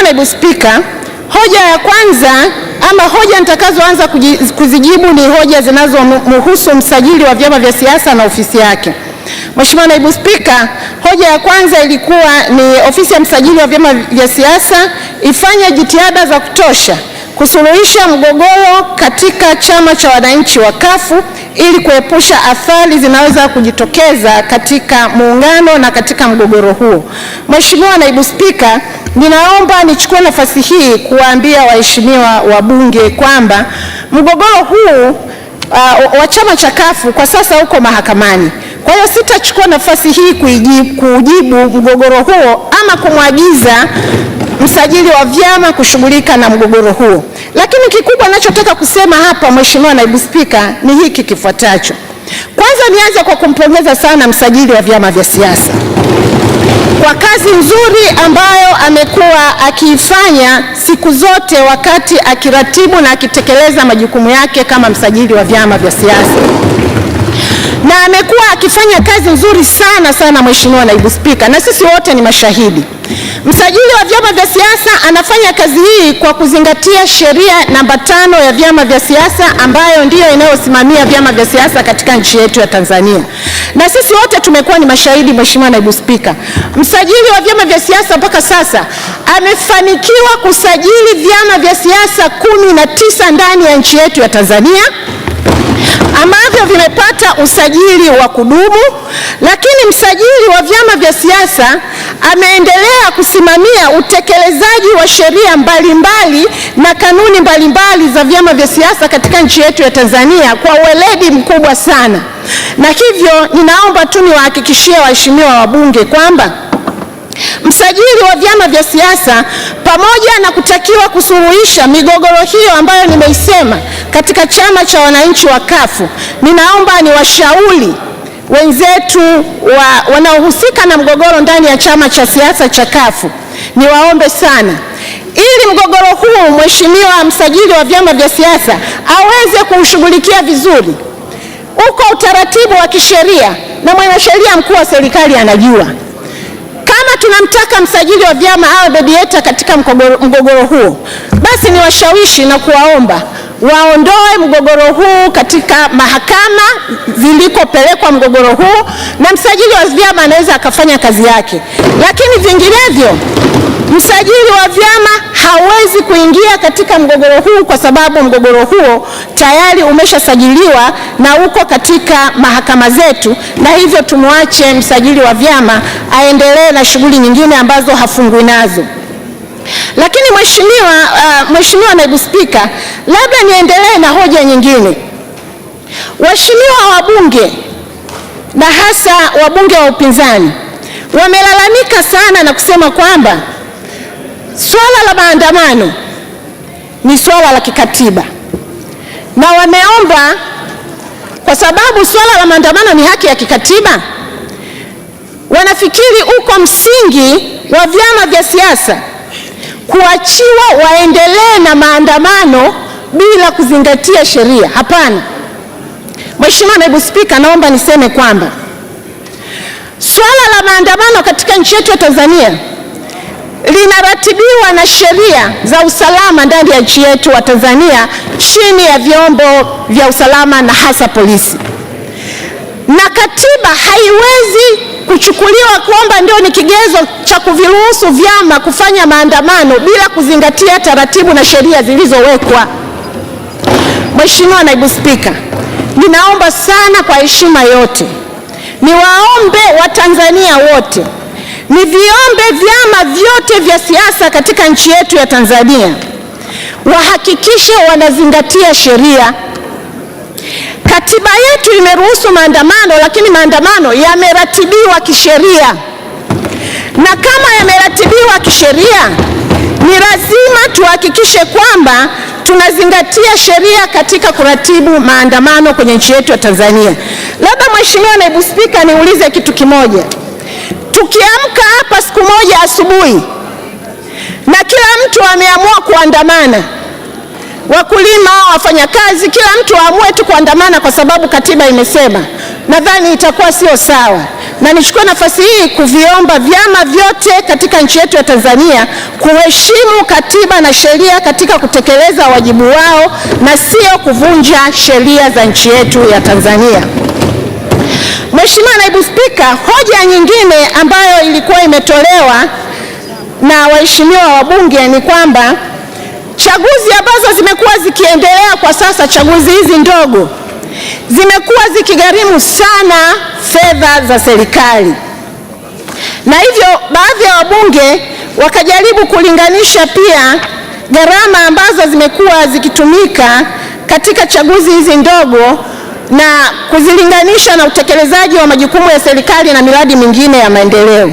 Mheshimiwa Naibu Spika, hoja ya kwanza ama hoja nitakazoanza kuzijibu ni hoja zinazomhusu msajili wa vyama vya siasa na ofisi yake. Mheshimiwa Naibu Spika, hoja ya kwanza ilikuwa ni ofisi ya msajili wa vyama vya siasa ifanye jitihada za kutosha kusuluhisha mgogoro katika chama cha wananchi wa kafu ili kuepusha athari zinaweza kujitokeza katika muungano na katika mgogoro huo. Mheshimiwa Naibu Spika, Ninaomba nichukue nafasi hii kuwaambia waheshimiwa wabunge kwamba mgogoro huu uh, wa chama cha kafu kwa sasa uko mahakamani. Kwa hiyo sitachukua nafasi hii kuujibu mgogoro huo ama kumwagiza msajili wa vyama kushughulika na mgogoro huo, lakini kikubwa ninachotaka kusema hapa, Mheshimiwa Naibu Spika, ni hiki kifuatacho. Kwanza nianze kwa kumpongeza sana msajili wa vyama vya siasa kwa kazi nzuri ambayo amekuwa akiifanya siku zote wakati akiratibu na akitekeleza majukumu yake kama msajili wa vyama vya siasa, na amekuwa akifanya kazi nzuri sana sana, Mheshimiwa Naibu Spika, na sisi wote ni mashahidi. Msajili wa vyama vya siasa anafanya kazi hii kwa kuzingatia sheria namba tano ya vyama vya siasa ambayo ndiyo inayosimamia vyama vya siasa katika nchi yetu ya Tanzania, na sisi wote tumekuwa ni mashahidi. Mheshimiwa Naibu Spika, msajili wa vyama vya siasa mpaka sasa amefanikiwa kusajili vyama vya siasa kumi na tisa ndani ya nchi yetu ya Tanzania ambavyo vimepata usajili wa kudumu, lakini msajili wa vyama vya siasa ameendelea kusimamia utekelezaji wa sheria mbalimbali na kanuni mbalimbali za vyama vya siasa katika nchi yetu ya Tanzania kwa uweledi mkubwa sana, na hivyo ninaomba tu niwahakikishie waheshimiwa wabunge kwamba msajili wa vyama vya siasa pamoja na kutakiwa kusuluhisha migogoro hiyo ambayo nimeisema katika chama cha wananchi wa kafu ninaomba niwashauri wenzetu wa, wanaohusika na mgogoro ndani ya chama cha siasa cha kafu niwaombe sana ili mgogoro huu mheshimiwa msajili wa vyama vya siasa aweze kuushughulikia vizuri. Uko utaratibu wa kisheria na mwanasheria mkuu wa serikali anajua tunamtaka msajili wa vyama awe bebieta katika mgogoro huo, basi ni washawishi na kuwaomba waondoe mgogoro huu katika mahakama zilikopelekwa mgogoro huu, na msajili wa vyama anaweza akafanya kazi yake, lakini vinginevyo Msajili wa vyama hawezi kuingia katika mgogoro huu kwa sababu mgogoro huo tayari umeshasajiliwa na uko katika mahakama zetu, na hivyo tumwache msajili wa vyama aendelee na shughuli nyingine ambazo hafungwi nazo. Lakini mheshimiwa, uh, mheshimiwa naibu spika, labda niendelee na hoja nyingine. Waheshimiwa wabunge na hasa wabunge wa upinzani Wamelalamika sana na kusema kwamba swala la maandamano ni swala la kikatiba, na wameomba kwa sababu swala la maandamano ni haki ya kikatiba, wanafikiri uko msingi wa vyama vya siasa kuachiwa waendelee na maandamano bila kuzingatia sheria. Hapana. Mheshimiwa Naibu Spika, naomba niseme kwamba Swala la maandamano katika nchi yetu ya Tanzania linaratibiwa na sheria za usalama ndani ya nchi yetu wa Tanzania chini ya vyombo vya usalama na hasa polisi, na katiba haiwezi kuchukuliwa kwamba ndio ni kigezo cha kuviruhusu vyama kufanya maandamano bila kuzingatia taratibu na sheria zilizowekwa. Mheshimiwa Naibu Spika, ninaomba sana kwa heshima yote Niwaombe Watanzania wote, niviombe vyama vyote vya siasa katika nchi yetu ya Tanzania wahakikishe wanazingatia sheria. Katiba yetu imeruhusu maandamano, lakini maandamano yameratibiwa kisheria, na kama yameratibiwa kisheria, ni lazima tuhakikishe kwamba tunazingatia sheria katika kuratibu maandamano kwenye nchi yetu ya Tanzania. Labda Mheshimiwa Naibu Spika, niulize kitu kimoja. Tukiamka hapa siku moja asubuhi na kila mtu ameamua kuandamana wakulima, wafanyakazi, kila mtu aamue tu kuandamana kwa sababu katiba imesema, nadhani itakuwa sio sawa, na nichukue nafasi hii kuviomba vyama vyote katika nchi yetu ya Tanzania kuheshimu katiba na sheria katika kutekeleza wajibu wao na sio kuvunja sheria za nchi yetu ya Tanzania. Mheshimiwa Naibu Spika, hoja nyingine ambayo ilikuwa imetolewa na waheshimiwa wabunge ni kwamba Chaguzi ambazo zimekuwa zikiendelea kwa sasa, chaguzi hizi ndogo zimekuwa zikigharimu sana fedha za serikali, na hivyo baadhi ya wabunge wakajaribu kulinganisha pia gharama ambazo zimekuwa zikitumika katika chaguzi hizi ndogo na kuzilinganisha na utekelezaji wa majukumu ya serikali na miradi mingine ya maendeleo.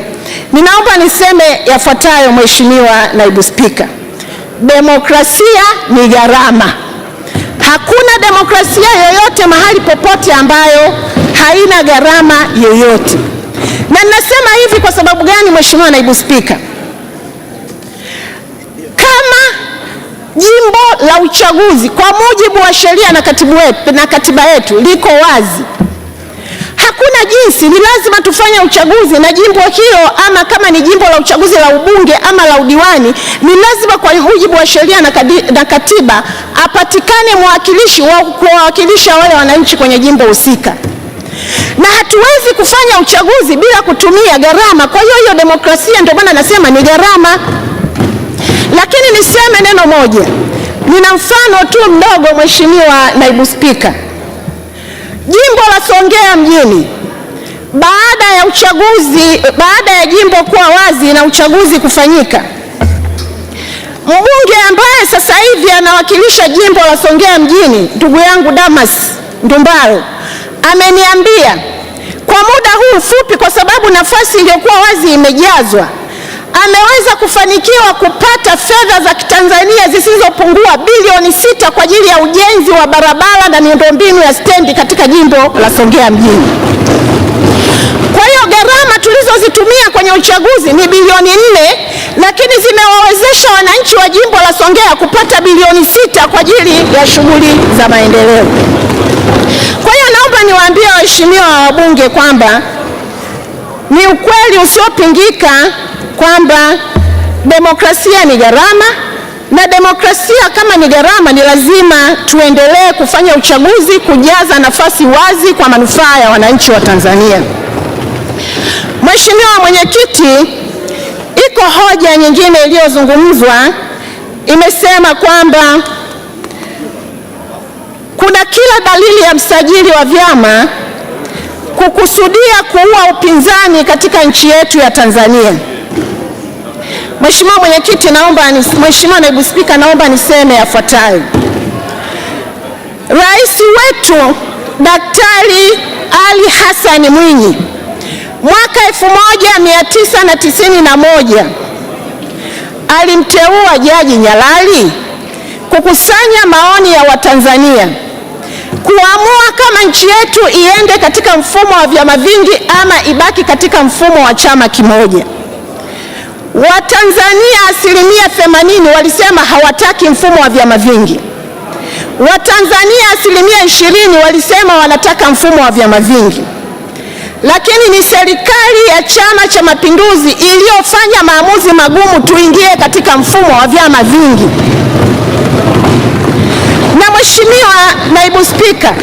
Ninaomba niseme yafuatayo, Mheshimiwa Naibu Spika demokrasia ni gharama. Hakuna demokrasia yoyote mahali popote ambayo haina gharama yoyote. Na ninasema hivi kwa sababu gani, Mheshimiwa Naibu Spika? Kama jimbo la uchaguzi kwa mujibu wa sheria na katibu wetu, na katiba yetu liko wazi hakuna jinsi, ni lazima tufanye uchaguzi na jimbo hilo, ama kama ni jimbo la uchaguzi la ubunge ama la udiwani, ni lazima kwa mujibu wa sheria na katiba apatikane mwakilishi wa kuwawakilisha wale wananchi kwenye jimbo husika na hatuwezi kufanya uchaguzi bila kutumia gharama. Kwa hiyo hiyo demokrasia, ndio maana nasema ni gharama. Lakini niseme neno moja, nina mfano tu mdogo, Mheshimiwa Naibu Spika. Jimbo la Songea mjini baada ya uchaguzi, baada ya jimbo kuwa wazi na uchaguzi kufanyika, mbunge ambaye sasa hivi anawakilisha jimbo la Songea mjini, ndugu yangu Damas Ndumbaro ameniambia kwa muda huu mfupi, kwa sababu nafasi iliyokuwa wazi imejazwa ameweza kufanikiwa kupata fedha za Kitanzania zisizopungua bilioni sita kwa ajili ya ujenzi wa barabara na miundombinu ya stendi katika jimbo la Songea mjini. Kwa hiyo gharama tulizozitumia kwenye uchaguzi ni bilioni nne lakini zimewawezesha wananchi wa jimbo la Songea kupata bilioni sita kwa ajili ya shughuli za maendeleo. Kwa hiyo naomba niwaambie waheshimiwa wabunge kwamba ni ukweli usiopingika kwamba demokrasia ni gharama na demokrasia kama ni gharama, ni lazima tuendelee kufanya uchaguzi kujaza nafasi wazi kwa manufaa ya wananchi wa Tanzania. Mheshimiwa Mwenyekiti, iko hoja nyingine iliyozungumzwa, imesema kwamba kuna kila dalili ya msajili wa vyama kukusudia kuua upinzani katika nchi yetu ya Tanzania. Mheshimiwa Mwenyekiti, naomba Mheshimiwa Naibu Spika, naomba niseme yafuatayo. Rais wetu Daktari Ali Hassan Mwinyi mwaka 1991 alimteua Jaji Nyalali kukusanya maoni ya Watanzania kuamua kama nchi yetu iende katika mfumo wa vyama vingi ama ibaki katika mfumo wa chama kimoja. Watanzania asilimia themanini walisema hawataki mfumo wa vyama vingi. Watanzania asilimia ishirini walisema wanataka mfumo wa vyama vingi, lakini ni serikali ya Chama cha Mapinduzi iliyofanya maamuzi magumu tuingie katika mfumo wa vyama vingi. Na Mheshimiwa Naibu Spika,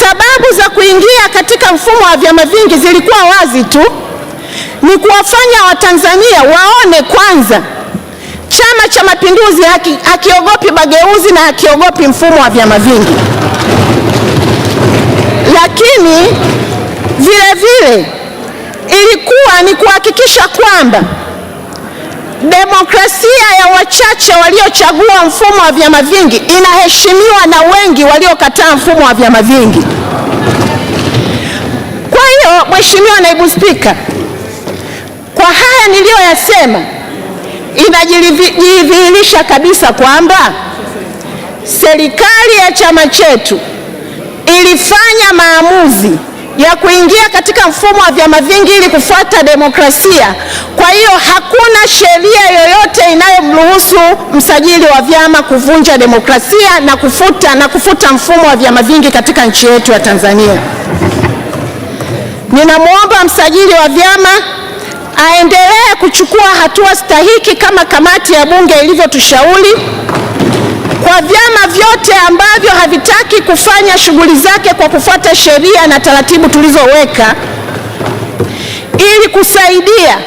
sababu za kuingia katika mfumo wa vyama vingi zilikuwa wazi tu ni kuwafanya Watanzania waone kwanza Chama cha Mapinduzi haki, hakiogopi mageuzi na hakiogopi mfumo wa vyama vingi, lakini vile vile ilikuwa ni kuhakikisha kwamba demokrasia ya wachache waliochagua mfumo wa vyama vingi inaheshimiwa na wengi waliokataa mfumo wa vyama vingi. Kwa hiyo Mheshimiwa Naibu Spika kwa haya niliyoyasema, inajidhihirisha kabisa kwamba serikali ya chama chetu ilifanya maamuzi ya kuingia katika mfumo wa vyama vingi ili kufuata demokrasia. Kwa hiyo hakuna sheria yoyote inayomruhusu msajili wa vyama kuvunja demokrasia na kufuta, na kufuta mfumo wa vyama vingi katika nchi yetu ya Tanzania. Ninamwomba msajili wa vyama aendelee kuchukua hatua stahiki kama kamati ya bunge ilivyotushauri kwa vyama vyote ambavyo havitaki kufanya shughuli zake kwa kufuata sheria na taratibu tulizoweka ili kusaidia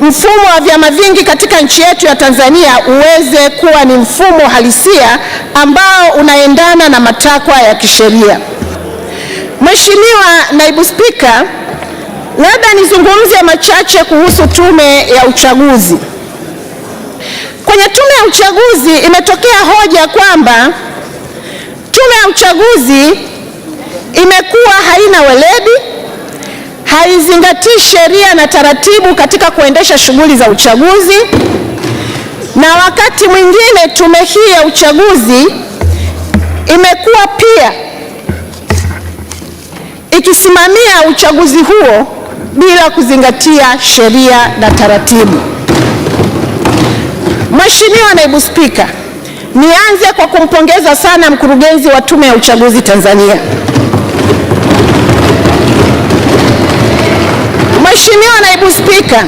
mfumo wa vyama vingi katika nchi yetu ya Tanzania uweze kuwa ni mfumo halisia ambao unaendana na matakwa ya kisheria. Mheshimiwa Naibu Spika, Labda nizungumze machache kuhusu tume ya uchaguzi. Kwenye tume ya uchaguzi imetokea hoja kwamba tume ya uchaguzi imekuwa haina weledi, haizingatii sheria na taratibu katika kuendesha shughuli za uchaguzi, na wakati mwingine tume hii ya uchaguzi imekuwa pia ikisimamia uchaguzi huo bila kuzingatia sheria na taratibu. Mheshimiwa Naibu Spika, nianze kwa kumpongeza sana mkurugenzi wa Tume ya Uchaguzi Tanzania. Mheshimiwa Naibu Spika,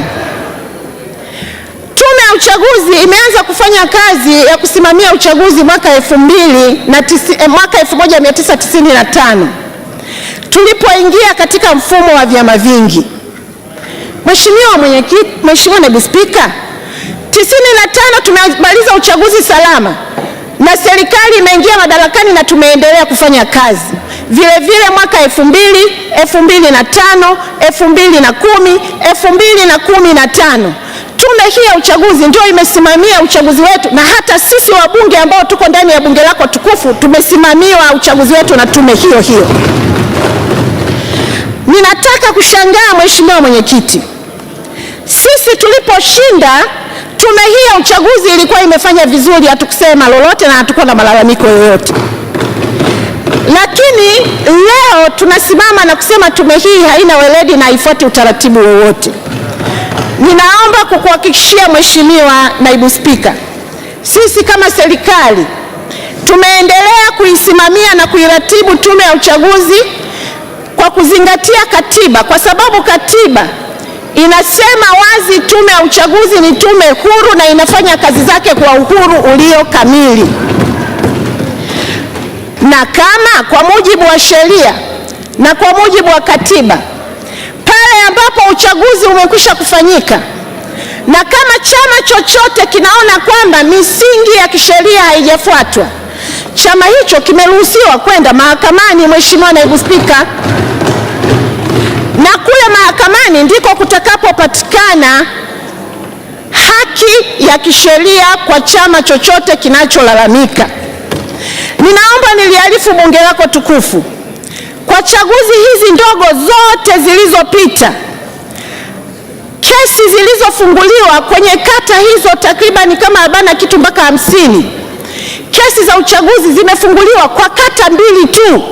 Tume ya Uchaguzi imeanza kufanya kazi ya kusimamia uchaguzi mwaka 1995 eh, tulipoingia katika mfumo wa vyama vingi. Mheshimiwa Mwenyekiti, Mheshimiwa Naibu Spika, tisini na tano tumemaliza uchaguzi salama na serikali imeingia madarakani na tumeendelea kufanya kazi vilevile vile mwaka elfu mbili elfu mbili na tano elfu mbili na kumi elfu mbili na kumi na tano tume hii ya uchaguzi ndio imesimamia uchaguzi wetu, na hata sisi wabunge ambao tuko ndani ya bunge lako tukufu tumesimamiwa uchaguzi wetu na tume hiyo hiyo. Ninataka kushangaa Mheshimiwa Mwenyekiti. Sisi tuliposhinda tume hii ya uchaguzi ilikuwa imefanya vizuri, hatukusema lolote na hatukuwa na malalamiko yoyote, lakini leo tunasimama na kusema tume hii haina weledi na haifuati utaratibu wowote. Ninaomba kukuhakikishia Mheshimiwa Naibu Spika, sisi kama serikali tumeendelea kuisimamia na kuiratibu tume ya uchaguzi kwa kuzingatia katiba, kwa sababu katiba Inasema wazi tume ya uchaguzi ni tume huru na inafanya kazi zake kwa uhuru ulio kamili, na kama kwa mujibu wa sheria na kwa mujibu wa katiba, pale ambapo uchaguzi umekwisha kufanyika na kama chama chochote kinaona kwamba misingi ya kisheria haijafuatwa, chama hicho kimeruhusiwa kwenda mahakamani. Mheshimiwa Naibu Spika na kule mahakamani ndiko kutakapopatikana haki ya kisheria kwa chama chochote kinacholalamika. Ninaomba niliarifu bunge lako tukufu, kwa chaguzi hizi ndogo zote zilizopita, kesi zilizofunguliwa kwenye kata hizo takriban kama arobaini na kitu mpaka hamsini, kesi za uchaguzi zimefunguliwa kwa kata mbili tu.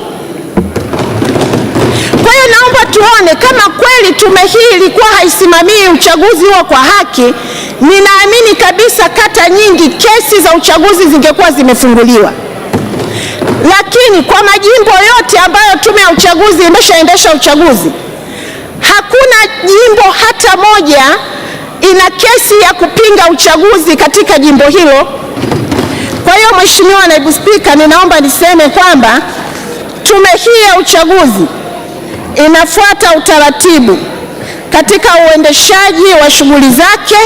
Kwa hiyo naomba tuone kama kweli tume hii ilikuwa haisimamii uchaguzi huo kwa haki. Ninaamini kabisa kata nyingi kesi za uchaguzi zingekuwa zimefunguliwa, lakini kwa majimbo yote ambayo tume ya uchaguzi imeshaendesha uchaguzi, hakuna jimbo hata moja ina kesi ya kupinga uchaguzi katika jimbo hilo. Kwa hiyo Mheshimiwa Naibu Spika, ninaomba niseme kwamba tume hii ya uchaguzi inafuata utaratibu katika uendeshaji wa shughuli zake,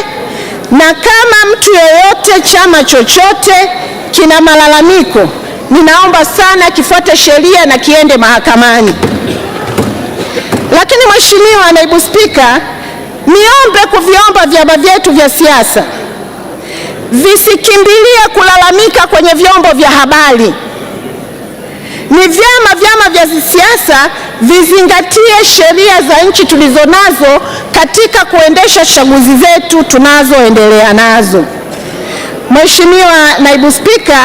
na kama mtu yeyote, chama chochote kina malalamiko, ninaomba sana kifuate sheria na kiende mahakamani. Lakini Mheshimiwa Naibu Spika, niombe kuviomba vyama vyetu vya siasa visikimbilie kulalamika kwenye vyombo vya habari. Ni vyema vyama vya siasa vizingatie sheria za nchi tulizonazo katika kuendesha chaguzi zetu tunazoendelea nazo. Mheshimiwa Naibu Spika,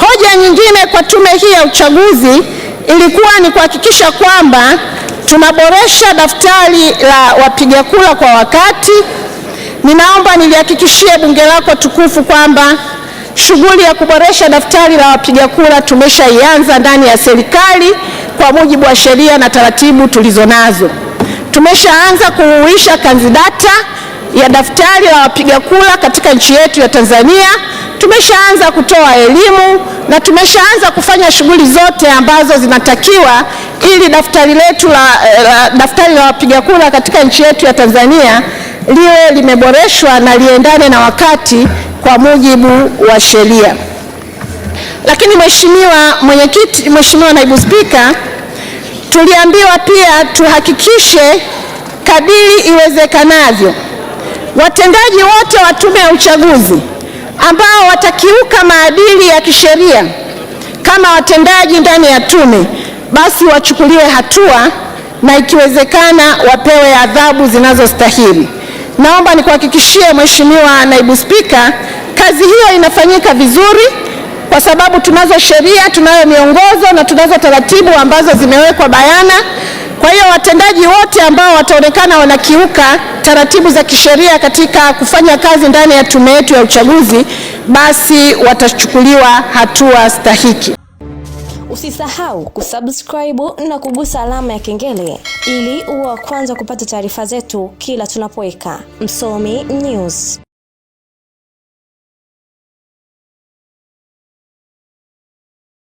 hoja nyingine kwa tume hii ya uchaguzi ilikuwa ni kuhakikisha kwamba tunaboresha daftari la wapiga kura kwa wakati. Ninaomba nilihakikishie bunge lako tukufu kwamba shughuli ya kuboresha daftari la wapiga kura tumeshaianza ndani ya serikali kwa mujibu wa sheria na taratibu tulizonazo. Tumeshaanza kuhuisha kanzidata ya daftari la wapiga kura katika nchi yetu ya Tanzania. Tumeshaanza kutoa elimu na tumeshaanza kufanya shughuli zote ambazo zinatakiwa ili daftari letu la, la, daftari la wapiga kura katika nchi yetu ya Tanzania liwe limeboreshwa na liendane na wakati kwa mujibu wa sheria. Lakini mheshimiwa mwenyekiti, mheshimiwa naibu spika, tuliambiwa pia tuhakikishe kadiri iwezekanavyo watendaji wote wa tume ya uchaguzi ambao watakiuka maadili ya kisheria kama watendaji ndani ya tume basi wachukuliwe hatua na ikiwezekana wapewe adhabu zinazostahili. Naomba nikuhakikishie Mheshimiwa naibu spika, kazi hiyo inafanyika vizuri kwa sababu tunazo sheria, tunayo miongozo na tunazo taratibu ambazo zimewekwa bayana. Kwa hiyo watendaji wote ambao wataonekana wanakiuka taratibu za kisheria katika kufanya kazi ndani ya tume yetu ya uchaguzi, basi watachukuliwa hatua stahiki. Usisahau kusubscribe na kugusa alama ya kengele ili uwe wa kwanza kupata taarifa zetu kila tunapoweka Msomi News.